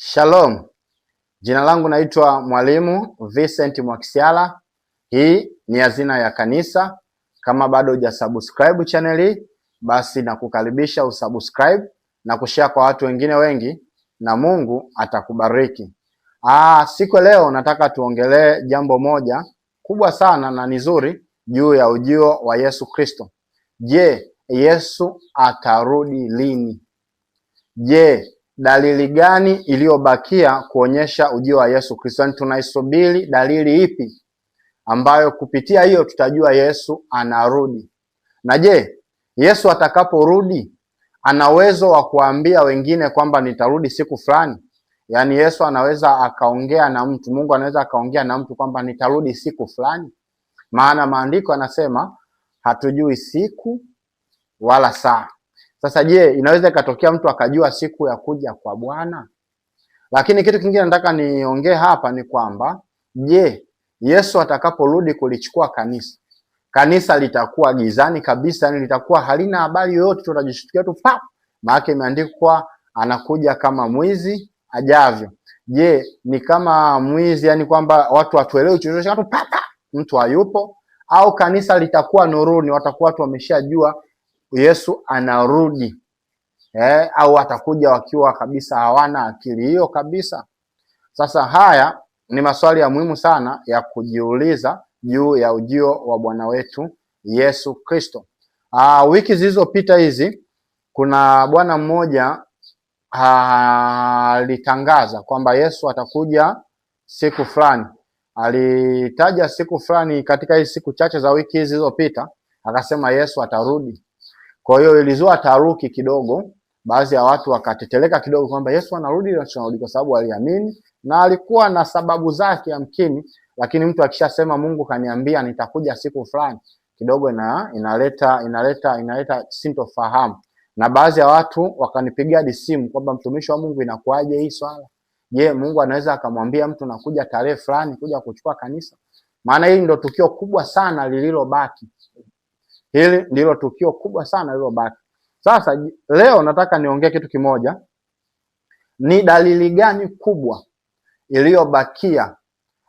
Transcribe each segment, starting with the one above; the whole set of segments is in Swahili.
Shalom. Jina langu naitwa Mwalimu Vincent Mwakisyala. Hii ni Hazina ya Kanisa. Kama bado hujasubscribe channel hii, basi nakukaribisha usubscribe na kushare kwa watu wengine wengi na Mungu atakubariki. Aa, siku leo nataka tuongelee jambo moja kubwa sana na ni zuri juu ya ujio wa Yesu Kristo. Je, Yesu atarudi lini? Je, dalili gani iliyobakia kuonyesha ujio wa Yesu Kristo? Yaani tunaisubiri dalili ipi ambayo kupitia hiyo tutajua Yesu anarudi? Na je, Yesu atakaporudi ana uwezo wa kuambia wengine kwamba nitarudi siku fulani? Yaani Yesu anaweza akaongea na mtu, Mungu anaweza akaongea na mtu kwamba nitarudi siku fulani? Maana maandiko anasema hatujui siku wala saa. Sasa je, inaweza ikatokea mtu akajua siku ya kuja kwa Bwana? Lakini kitu kingine nataka niongee hapa ni kwamba je, Yesu atakaporudi kulichukua kanisa, kanisa litakuwa gizani kabisa, yani litakuwa halina habari yoyote, tutajishtukia tu pa, maana imeandikwa anakuja kama mwizi ajavyo. Je, ni kama mwizi, yani kwamba watu watuelewe chochote, watu papa, mtu hayupo, au kanisa litakuwa nuruni, watakuwa watu wameshajua Yesu anarudi eh, au atakuja wakiwa kabisa hawana akili hiyo kabisa. Sasa haya ni maswali ya muhimu sana ya kujiuliza juu ya ujio wa Bwana wetu Yesu Kristo. Ah, wiki zilizopita hizi kuna bwana mmoja ah, alitangaza kwamba Yesu atakuja siku fulani. Alitaja siku fulani katika hizi siku chache za wiki hizi zilizopita, akasema Yesu atarudi. Kwa hiyo ilizua taharuki kidogo, baadhi ya watu wakateteleka kidogo kwamba Yesu anarudi na tunarudi, kwa sababu aliamini na alikuwa na sababu zake yamkini, lakini mtu akishasema Mungu kaniambia nitakuja siku fulani, kidogo ina, inaleta inaleta inaleta sintofahamu, na baadhi ya watu wakanipigia simu kwamba mtumishi wa Mungu, inakuaje hii swala? Je, Mungu anaweza akamwambia mtu nakuja tarehe fulani kuja kuchukua kanisa? Maana hii ndio tukio kubwa sana lililobaki Hili ndilo tukio kubwa sana lililobaki. Sasa leo nataka niongee kitu kimoja, ni dalili gani kubwa iliyobakia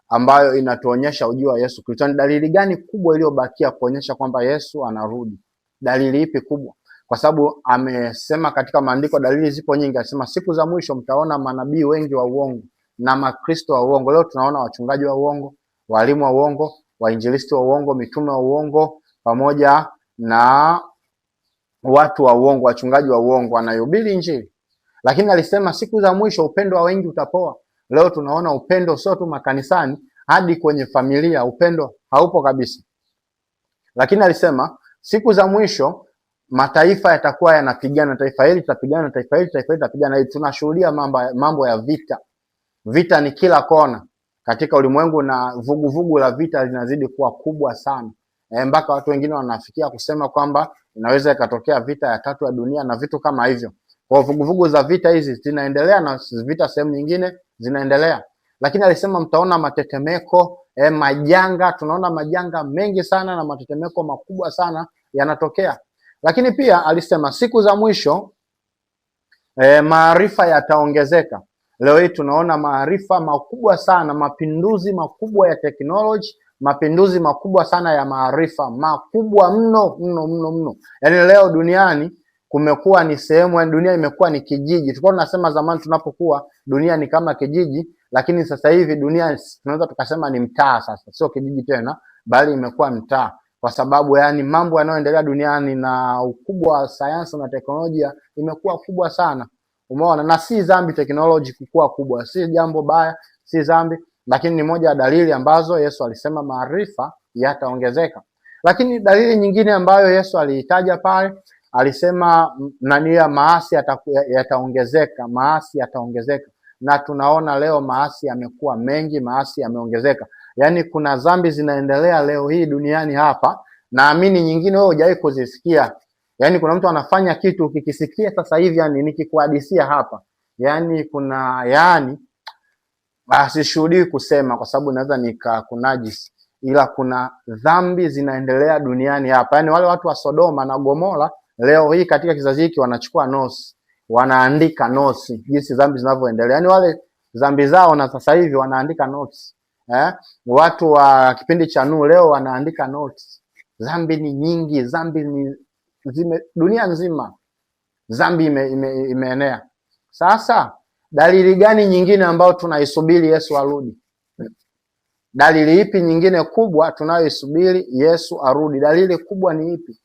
ambayo inatuonyesha ujio wa Yesu Kristo? Ni dalili gani kubwa iliyobakia kuonyesha kwamba Yesu anarudi? Dalili ipi kubwa? Kwa sababu amesema katika maandiko dalili zipo nyingi, asema siku za mwisho mtaona manabii wengi wa uongo na makristo wa uongo. Leo tunaona wachungaji wa uongo, walimu wa uongo, wainjilisti wa uongo, mitume wa uongo, pamoja na watu wa uongo, wachungaji wa uongo wanayohubiri Injili. Lakini alisema siku za mwisho upendo wa wengi utapoa. Leo tunaona upendo sio tu makanisani, hadi kwenye familia upendo haupo kabisa. Lakini alisema siku za mwisho mataifa yatakuwa yanapigana, taifa hili litapigana, taifa hili taifa hili litapigana hili. Tunashuhudia mambo, mambo ya vita. Vita ni kila kona katika ulimwengu na vuguvugu vugu la vita linazidi kuwa kubwa sana. Eh, mpaka watu wengine wanafikia kusema kwamba inaweza ikatokea vita ya tatu ya dunia na vitu kama hivyo. Kwa vuguvugu za vita hizi zinaendelea na vita sehemu nyingine zinaendelea, lakini alisema mtaona matetemeko eh, majanga. Tunaona majanga mengi sana na matetemeko makubwa sana yanatokea, lakini pia alisema siku za mwisho eh, maarifa yataongezeka. Leo hii tunaona maarifa makubwa sana, mapinduzi makubwa ya teknoloji mapinduzi makubwa sana ya maarifa, makubwa mno mno mno mno. Yaani leo duniani kumekuwa ni sehemu, yaani dunia imekuwa ni kijiji. Tulikuwa tunasema zamani tunapokuwa, dunia ni kama kijiji, lakini sasa hivi dunia tunaweza tukasema ni mtaa. Sasa sio kijiji tena, bali imekuwa mtaa kwa sababu yani mambo yanayoendelea duniani na ukubwa wa sayansi na teknolojia imekuwa kubwa sana, umeona. Na si dhambi teknoloji kukua kubwa, si jambo baya, si dhambi, lakini ni moja ya dalili ambazo Yesu alisema maarifa yataongezeka. Lakini dalili nyingine ambayo Yesu aliitaja pale alisema nani ya maasi yataongezeka, yata maasi yataongezeka, na tunaona leo maasi yamekuwa mengi, maasi yameongezeka. Yaani kuna dhambi zinaendelea leo hii duniani hapa, naamini nyingine wewe hujawahi kuzisikia. Yaani kuna mtu anafanya kitu ukikisikia sasa hivi, yani nikikuhadisia hapa, yaani kuna yani Sishuhudii kusema kwa sababu naweza nikakunajisi, ila kuna dhambi zinaendelea duniani hapa. Yaani wale watu wa Sodoma na Gomora leo hii katika kizazi hiki wanachukua nosi, wanaandika nosi jinsi dhambi zinavyoendelea, yaani wale dhambi zao na sasa hivi wanaandika notes. Eh? Watu wa kipindi cha Nuhu leo wanaandika notes. Dhambi ni nyingi, dhambi ni zime, dunia nzima dhambi ime, ime, imeenea sasa Dalili gani nyingine ambayo tunaisubiri Yesu arudi? Dalili ipi nyingine kubwa tunayoisubiri Yesu arudi? Dalili kubwa ni ipi?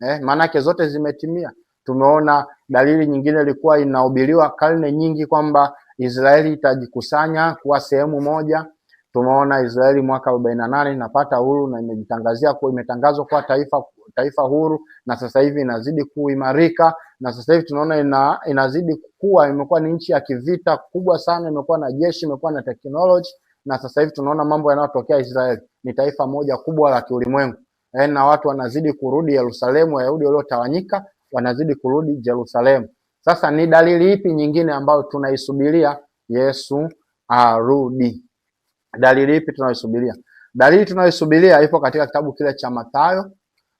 Eh, maanake zote zimetimia. Tumeona dalili nyingine ilikuwa inahubiriwa karne nyingi kwamba Israeli itajikusanya kuwa sehemu moja. Tumeona Israeli mwaka arobaini na nane inapata uhuru na imejitangazia kuwa imetangazwa kuwa taifa taifa huru, na sasa hivi inazidi kuimarika, na sasa hivi tunaona ina, inazidi kukua. Imekuwa ni nchi ya kivita kubwa sana, imekuwa na jeshi, imekuwa na technology, na sasa hivi tunaona mambo yanayotokea Israeli, ni taifa moja kubwa la kiulimwengu e, na watu wanazidi kurudi Yerusalemu. Wayahudi waliotawanyika wanazidi kurudi Yerusalemu. Sasa ni dalili ipi nyingine ambayo tunaisubiria Yesu arudi? Dalili ipi tunaisubiria? Dalili tunayoisubiria ipo katika kitabu kile cha Mathayo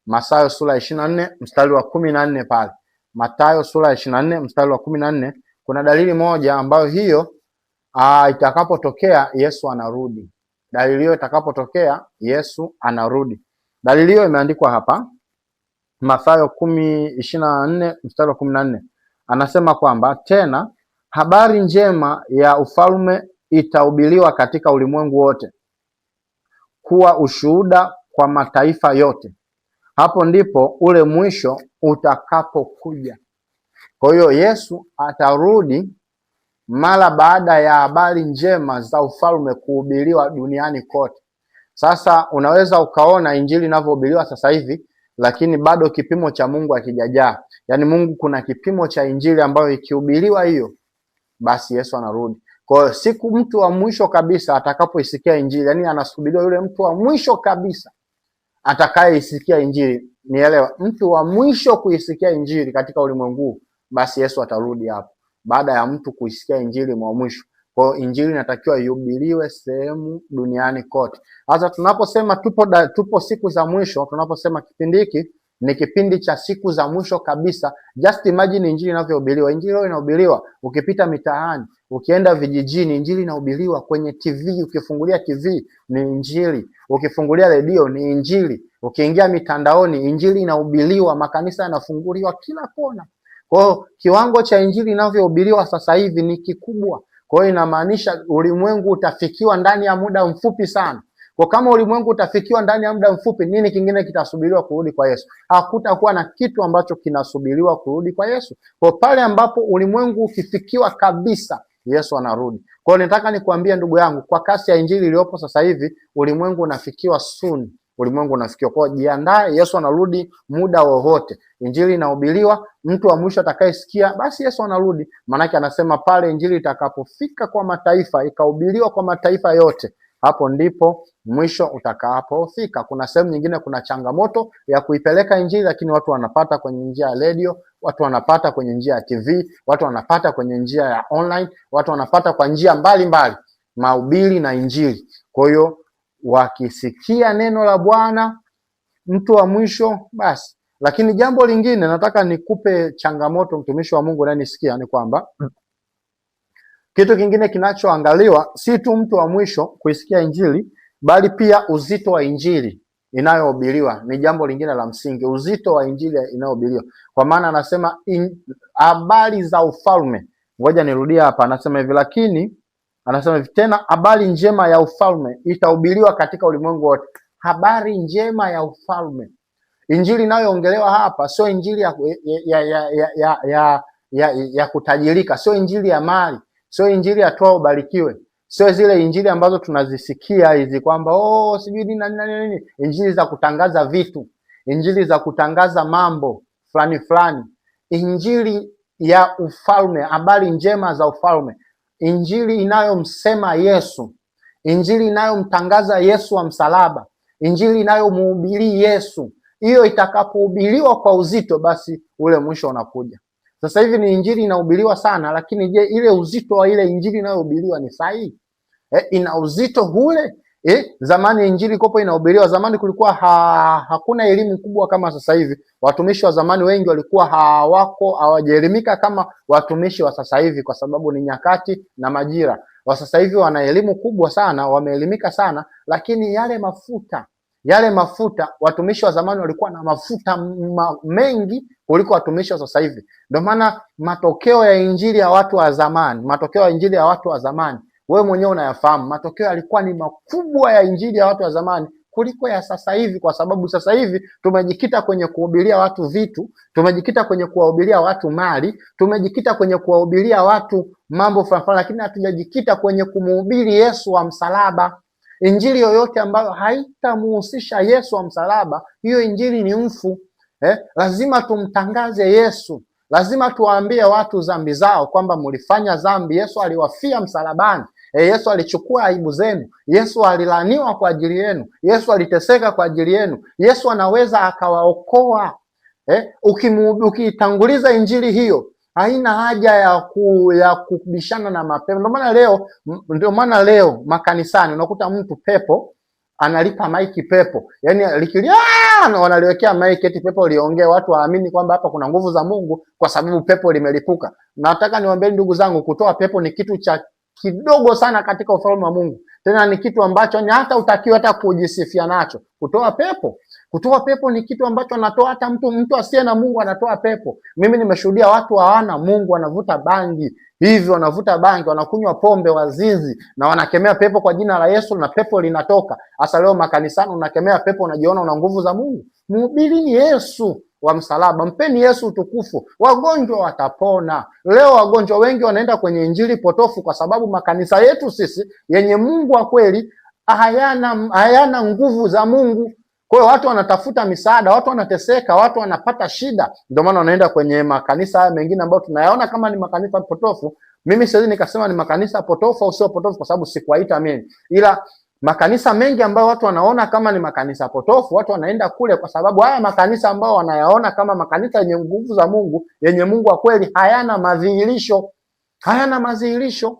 Mathayo sura ya ishirini na nne mstari wa kumi na nne pale Mathayo sura ya ishirini na nne mstari wa kumi na nne kuna dalili moja ambayo hiyo ah, itakapotokea Yesu anarudi. Dalili hiyo itakapotokea Yesu anarudi. Dalili hiyo imeandikwa hapa Mathayo kumi ishirini na nne mstari wa kumi na nne anasema kwamba tena habari njema ya ufalme itahubiriwa katika ulimwengu wote kuwa ushuhuda kwa mataifa yote hapo ndipo ule mwisho utakapokuja. Kwa hiyo Yesu atarudi mara baada ya habari njema za ufalme kuhubiriwa duniani kote. Sasa unaweza ukaona injili inavyohubiriwa sasa hivi, lakini bado kipimo cha Mungu hakijajaa. Yaani Mungu kuna kipimo cha injili ambayo ikihubiriwa hiyo, basi Yesu anarudi. Kwa hiyo siku mtu wa mwisho kabisa atakapoisikia injili, yaani anasubiriwa yule mtu wa mwisho kabisa atakayeisikia Injili, nielewa, mtu wa mwisho kuisikia Injili katika ulimwengu, basi Yesu atarudi hapo baada ya mtu kuisikia Injili mwa mwisho. Kwa hiyo Injili inatakiwa ihubiriwe sehemu duniani kote. Sasa tunaposema tupo, tupo siku za mwisho, tunaposema kipindi hiki ni kipindi cha siku za mwisho kabisa. Just imagine injili inavyohubiriwa. Injili inahubiriwa ukipita mitaani, ukienda vijijini, injili inahubiriwa kwenye TV. Ukifungulia TV ni injili, ukifungulia redio ni injili, ukiingia mitandaoni injili inahubiriwa, makanisa yanafunguliwa kila kona. Kwa hiyo kiwango cha injili inavyohubiriwa sasa hivi ni kikubwa. Kwa hiyo inamaanisha ulimwengu utafikiwa ndani ya muda mfupi sana. Kwa kama ulimwengu utafikiwa ndani ya muda mfupi, nini kingine kitasubiriwa kurudi kwa Yesu? Hakutakuwa na kitu ambacho kinasubiriwa kurudi kwa Yesu. Kwa pale ambapo ulimwengu ukifikiwa kabisa, Yesu anarudi. Kwa hiyo nataka nikuambie ndugu yangu, kwa kasi ya injili iliyopo sasa hivi, ulimwengu unafikiwa soon, ulimwengu unafikiwa. Kwa hiyo jiandae, Yesu anarudi muda wowote. Injili inahubiriwa, mtu wa mwisho atakayesikia, basi Yesu anarudi. Maanake anasema pale injili itakapofika kwa mataifa, ikahubiriwa kwa mataifa yote hapo ndipo mwisho utakapofika. Kuna sehemu nyingine, kuna changamoto ya kuipeleka Injili, lakini watu wanapata kwenye njia ya redio, watu wanapata kwenye njia ya TV, watu wanapata kwenye njia ya online, watu wanapata kwa njia mbalimbali mahubiri na Injili. Kwa hiyo wakisikia neno la Bwana, mtu wa mwisho basi. Lakini jambo lingine nataka nikupe changamoto, mtumishi wa Mungu unanisikia, ni kwamba mm. Kitu kingine kinachoangaliwa si tu mtu wa mwisho kuisikia Injili, bali pia uzito wa Injili inayohubiriwa ni jambo lingine la msingi, uzito wa Injili inayohubiriwa. Kwa maana anasema habari za ufalme, ngoja nirudia hapa, anasema hivi, lakini anasema hivi tena, habari njema ya ufalme itahubiriwa katika ulimwengu wote. Habari njema ya ufalme, Injili inayoongelewa hapa sio Injili ya, ya, ya, ya, ya, ya, ya, ya kutajirika, sio Injili ya mali sio injili toa ubarikiwe, sio zile injili ambazo tunazisikia hizi kwamba oh, sijui nini nini nini nini, injili za kutangaza vitu, injili za kutangaza mambo fulani fulani, injili ya ufalme, habari njema za ufalme, injili inayomsema Yesu, injili inayomtangaza Yesu wa msalaba, injili inayomhubiri Yesu. Hiyo itakapohubiriwa kwa uzito, basi ule mwisho unakuja. Sasa hivi ni injili inahubiriwa sana, lakini je, ile uzito wa ile injili inayohubiriwa ni sahihi? E, ina uzito hule? E, zamani injili kopo inahubiriwa, zamani kulikuwa ha, hakuna elimu kubwa kama sasa hivi. Watumishi wa zamani wengi walikuwa hawako hawajaelimika kama watumishi wa sasa hivi, kwa sababu ni nyakati na majira. Wa sasa hivi wana elimu kubwa sana, wameelimika sana, lakini yale mafuta yale mafuta, watumishi wa zamani walikuwa na mafuta ma mengi kuliko watumishi wa sasa hivi. Ndio maana matokeo ya injili ya watu wa zamani, matokeo ya injili ya watu wa zamani, wewe mwenyewe unayafahamu, matokeo yalikuwa ni makubwa ya injili ya watu wa zamani kuliko ya sasa hivi, kwa sababu sasa hivi tumejikita kwenye kuhubiria watu vitu, tumejikita kwenye kuwahubiria watu mali, tumejikita kwenye kuwahubiria watu mambo fulani, lakini hatujajikita kwenye kumhubiri Yesu wa msalaba. Injili yoyote ambayo haitamuhusisha Yesu wa msalaba, hiyo injili ni mfu eh. Lazima tumtangaze Yesu, lazima tuwaambie watu dhambi zao, kwamba mlifanya dhambi, Yesu aliwafia msalabani. E, Yesu alichukua aibu zenu. Yesu alilaniwa kwa ajili yenu. Yesu aliteseka kwa ajili yenu. Yesu anaweza akawaokoa. Eh, ukiitanguliza injili hiyo haina haja ya ku, ya kubishana na mapepo. Ndio maana leo ndio maana leo makanisani unakuta mtu pepo analipa maiki pepo, yaani likilia wanaliwekea maiki eti pepo liongee, watu waamini kwamba hapa kuna nguvu za Mungu kwa sababu pepo limelipuka. Nataka niwaambie ndugu zangu, kutoa pepo ni kitu cha kidogo sana katika ufalme wa Mungu, tena ni kitu ambacho ni hata utakiwa hata kujisifia nacho, kutoa pepo. Kutoa pepo ni kitu ambacho anatoa hata mtu mtu asiye na Mungu anatoa pepo. Mimi nimeshuhudia watu hawana Mungu, wanavuta bangi hivyo, wanavuta bangi, wanakunywa pombe, wazinzi, na wanakemea pepo kwa jina la Yesu na pepo linatoka. Hasa leo makanisani unakemea pepo, unajiona una nguvu za Mungu. Mhubirini Yesu wa msalaba, mpeni Yesu utukufu, wagonjwa watapona. Leo wagonjwa wengi wanaenda kwenye injili potofu, kwa sababu makanisa yetu sisi yenye Mungu wa kweli hayana hayana nguvu za Mungu. Kwa hiyo watu wanatafuta misaada, watu wanateseka, watu wanapata shida, ndio maana wanaenda kwenye makanisa haya mengine ambayo tunayaona kama ni makanisa potofu. Mimi siwezi nikasema ni makanisa potofu au sio potofu, kwa sababu sikuwaita mimi, ila makanisa mengi ambayo watu wanaona kama ni makanisa potofu, watu wanaenda kule kwa sababu haya makanisa ambayo wanayaona kama makanisa yenye nguvu za Mungu, yenye Mungu wa kweli, hayana madhihirisho, hayana madhihirisho.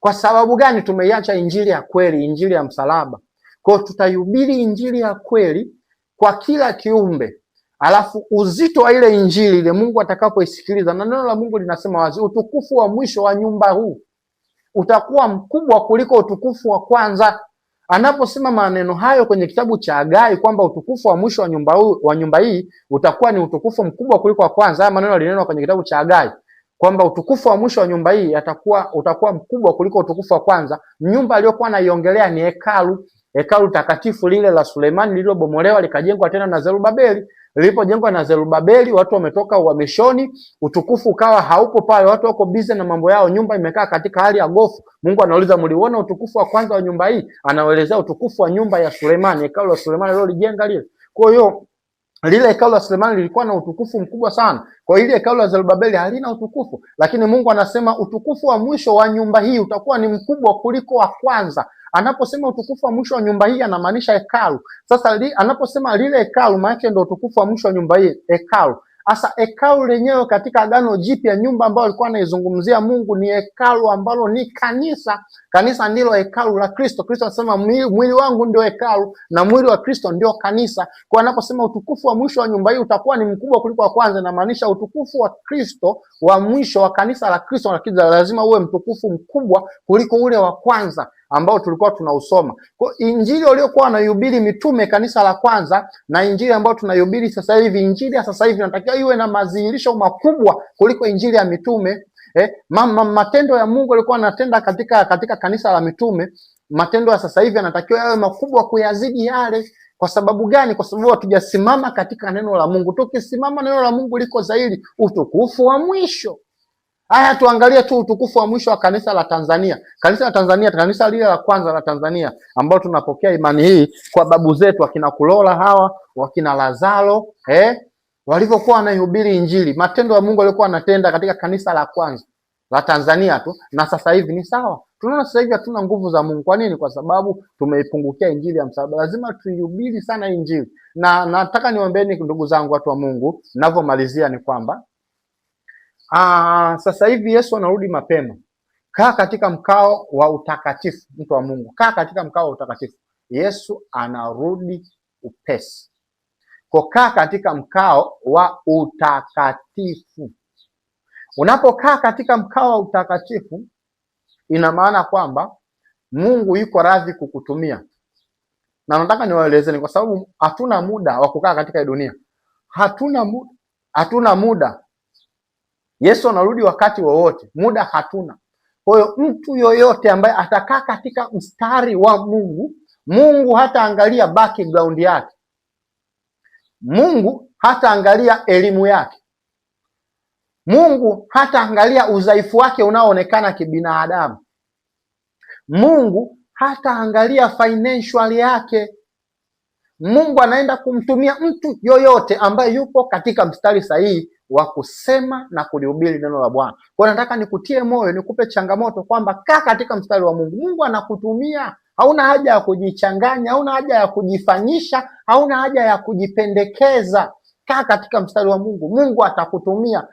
Kwa sababu gani? Tumeiacha injili ya kweli, injili ya msalaba. Kwa hiyo tutaihubiri injili ya kweli kwa kila kiumbe, alafu uzito wa ile injili ile Mungu atakapoisikiliza, na neno la Mungu linasema wazi, utukufu wa mwisho wa nyumba huu utakuwa mkubwa kuliko utukufu wa kwanza. Anaposema maneno hayo kwenye kitabu cha Hagai kwamba utukufu wa mwisho wa nyumba, huu, wa nyumba hii utakuwa ni utukufu mkubwa kuliko wa kwanza. Haya maneno yalinenwa kwenye kitabu cha Hagai kwamba utukufu wa mwisho wa nyumba hii atakuwa utakuwa mkubwa kuliko utukufu wa kwanza. Nyumba aliyokuwa anaiongelea ni hekalu, hekalu takatifu lile la Sulemani lililobomolewa likajengwa tena na Zerubabeli. Lilipojengwa na Zerubabeli, watu wametoka uhamishoni, utukufu ukawa haupo pale, watu wako bize na mambo yao, nyumba imekaa katika hali ya gofu. Mungu anauliza, mliona utukufu wa kwanza wa nyumba hii? Anaelezea utukufu wa nyumba ya Sulemani, hekalu la Sulemani alilolijenga lile. Kwa hiyo lile hekalu la Sulemani lilikuwa na utukufu mkubwa sana. Kwa hiyo ile hekalu la Zerubabeli halina utukufu, lakini Mungu anasema utukufu wa mwisho wa nyumba hii utakuwa ni mkubwa kuliko wa kwanza. Anaposema utukufu wa mwisho wa nyumba hii anamaanisha hekalu. Sasa li, anaposema lile hekalu, maana yake ndio utukufu wa mwisho wa nyumba hii, hekalu. Sasa hekalu lenyewe katika Agano Jipya, nyumba ambayo alikuwa anaizungumzia Mungu ni hekalu ambalo ni kanisa. Kanisa ndilo hekalu la Kristo. Kristo anasema mwili wangu ndio hekalu na mwili wa Kristo ndio kanisa. Kwa anaposema utukufu wa mwisho wa nyumba hii utakuwa ni mkubwa kuliko wa kwanza, inamaanisha utukufu wa Kristo wa mwisho wa kanisa la Kristo, lakini lazima uwe mtukufu mkubwa kuliko ule wa kwanza ambao tulikuwa tunausoma. Kwa injili waliokuwa wanaihubiri mitume kanisa la kwanza na injili ambayo tunaihubiri sasa hivi, injili ya sasa hivi inatakiwa iwe na madhihirisho makubwa kuliko injili ya mitume. Eh, ma, ma, matendo ya Mungu alikuwa anatenda katika katika kanisa la mitume, matendo ya sasa hivi yanatakiwa yawe makubwa kuyazidi yale. Kwa sababu gani? Kwa sababu hatujasimama katika neno la Mungu. Tukisimama neno la Mungu liko zaidi, utukufu wa mwisho Haya, tuangalie tu utukufu wa mwisho wa kanisa la Tanzania, kanisa la Tanzania, kanisa lile la kwanza la Tanzania, ambalo tunapokea imani hii kwa babu zetu wakina Kulola hawa wakina Lazaro eh, walivyokuwa wanaihubiri Injili, matendo ya Mungu waliokuwa anatenda katika kanisa la kwanza la Tanzania tu, na sasa hivi ni sawa. Tunaona sasa hivi hatuna nguvu za Mungu. Kwa nini? Kwa sababu tumeipungukia injili ya msalaba. Lazima tuihubiri sana injili, na nataka niwaambieni ndugu zangu, watu wa Mungu, ninavyomalizia ni kwamba Aa, ah, sasa hivi Yesu anarudi mapema. Kaa katika mkao wa utakatifu, mtu wa Mungu, kaa katika mkao wa utakatifu. Yesu anarudi upesi, kwa kaa katika mkao wa utakatifu. Unapokaa katika mkao wa utakatifu, ina maana kwamba Mungu yuko radhi kukutumia, na nataka niwaelezeni, kwa sababu hatuna muda wa kukaa katika dunia, hatuna muda, hatuna muda Yesu anarudi wakati wowote, muda hatuna. Kwa hiyo mtu yoyote ambaye atakaa katika mstari wa Mungu, Mungu hataangalia background yake, Mungu hataangalia elimu yake, Mungu hataangalia udhaifu wake unaoonekana kibinadamu, Mungu hataangalia financial yake. Mungu anaenda kumtumia mtu yoyote ambaye yupo katika mstari sahihi wa kusema na kulihubiri neno la Bwana. Kwa nataka nikutie moyo, nikupe changamoto kwamba kaa katika mstari wa Mungu. Mungu anakutumia, hauna haja ya kujichanganya, hauna haja ya kujifanyisha, hauna haja ya kujipendekeza. Kaa katika mstari wa Mungu. Mungu atakutumia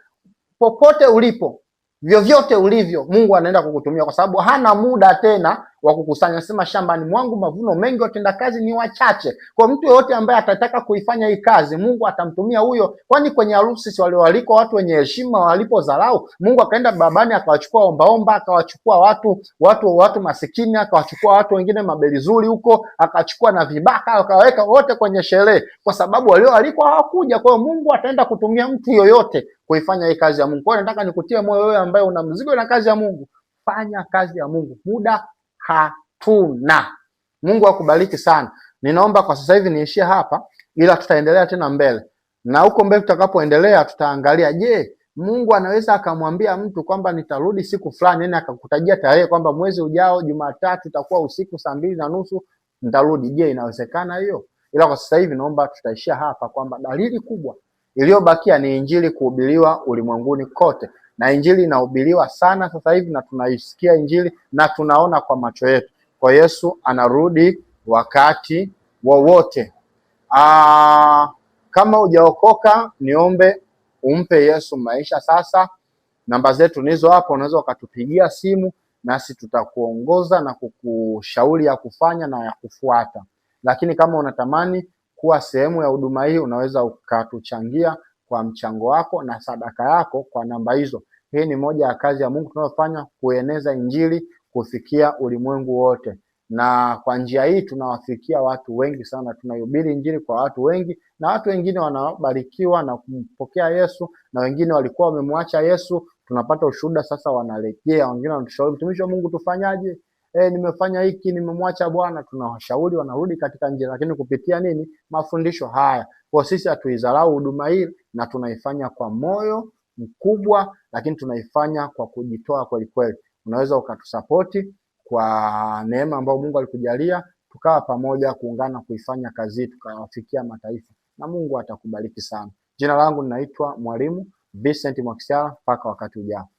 popote ulipo, vyovyote ulivyo, Mungu anaenda kukutumia kwa sababu hana muda tena wa kukusanya, sema shambani mwangu mavuno mengi, watenda kazi ni wachache. Kwa mtu yeyote ambaye atataka kuifanya hii kazi, Mungu atamtumia huyo, kwani kwenye harusi si walioalikwa watu wenye heshima walipodharau Mungu akaenda babani akawachukua ombaomba, akawachukua watu watu watu masikini, akawachukua watu wengine mabelizuri huko, akachukua na vibaka, akaweka wote kwenye sherehe, kwa sababu walioalikwa hawakuja. Kwa hiyo Mungu ataenda kutumia mtu yoyote kuifanya hii kazi ya Mungu. Kwa hiyo nataka nikutie moyo wewe ambaye una mzigo na kazi ya Mungu, fanya kazi ya Mungu muda hatuna. Mungu akubariki sana. Ninaomba kwa sasa hivi niishie hapa, ila tutaendelea tena mbele, na huko mbele tutakapoendelea tutaangalia, je, Mungu anaweza akamwambia mtu kwamba nitarudi siku fulani, yani akakutajia tarehe kwamba mwezi ujao Jumatatu itakuwa usiku saa mbili na nusu nitarudi. Je, inawezekana hiyo? Ila kwa sasa hivi naomba tutaishia hapa, kwamba dalili kubwa iliyobakia ni injili kuhubiriwa ulimwenguni kote na injili inahubiriwa sana sasa hivi, na tunaisikia injili na tunaona kwa macho yetu, kwa Yesu anarudi wakati wowote. Ah, kama hujaokoka niombe umpe Yesu maisha sasa. Namba zetu nizo hapo, unaweza ukatupigia simu nasi tutakuongoza na kukushauri ya kufanya na ya kufuata. Lakini kama unatamani kuwa sehemu ya huduma hii, unaweza ukatuchangia kwa mchango wako na sadaka yako kwa namba hizo. Hii ni moja ya kazi ya Mungu tunayofanya kueneza Injili kufikia ulimwengu wote, na kwa njia hii tunawafikia watu wengi sana. Tunahubiri Injili kwa watu wengi, na watu wengine wanabarikiwa na kumpokea Yesu, na wengine walikuwa wamemwacha Yesu. Tunapata ushuhuda sasa, wanarejea. Wengine wanatushauri mtumishi wa Mungu, tufanyaje? E, nimefanya hiki, nimemwacha Bwana. Tunawashauri wanarudi katika njia, lakini kupitia nini? Mafundisho haya. Kwa sisi hatuidharau huduma hii na tunaifanya kwa moyo mkubwa, lakini tunaifanya kwa kujitoa kweli kweli. Unaweza ukatusapoti kwa neema ambayo Mungu alikujalia, tukawa pamoja kuungana kuifanya kazi hii, tukawafikia mataifa na Mungu atakubariki sana. Jina langu ninaitwa Mwalimu Vincent Mwakisyala, mpaka wakati ujao.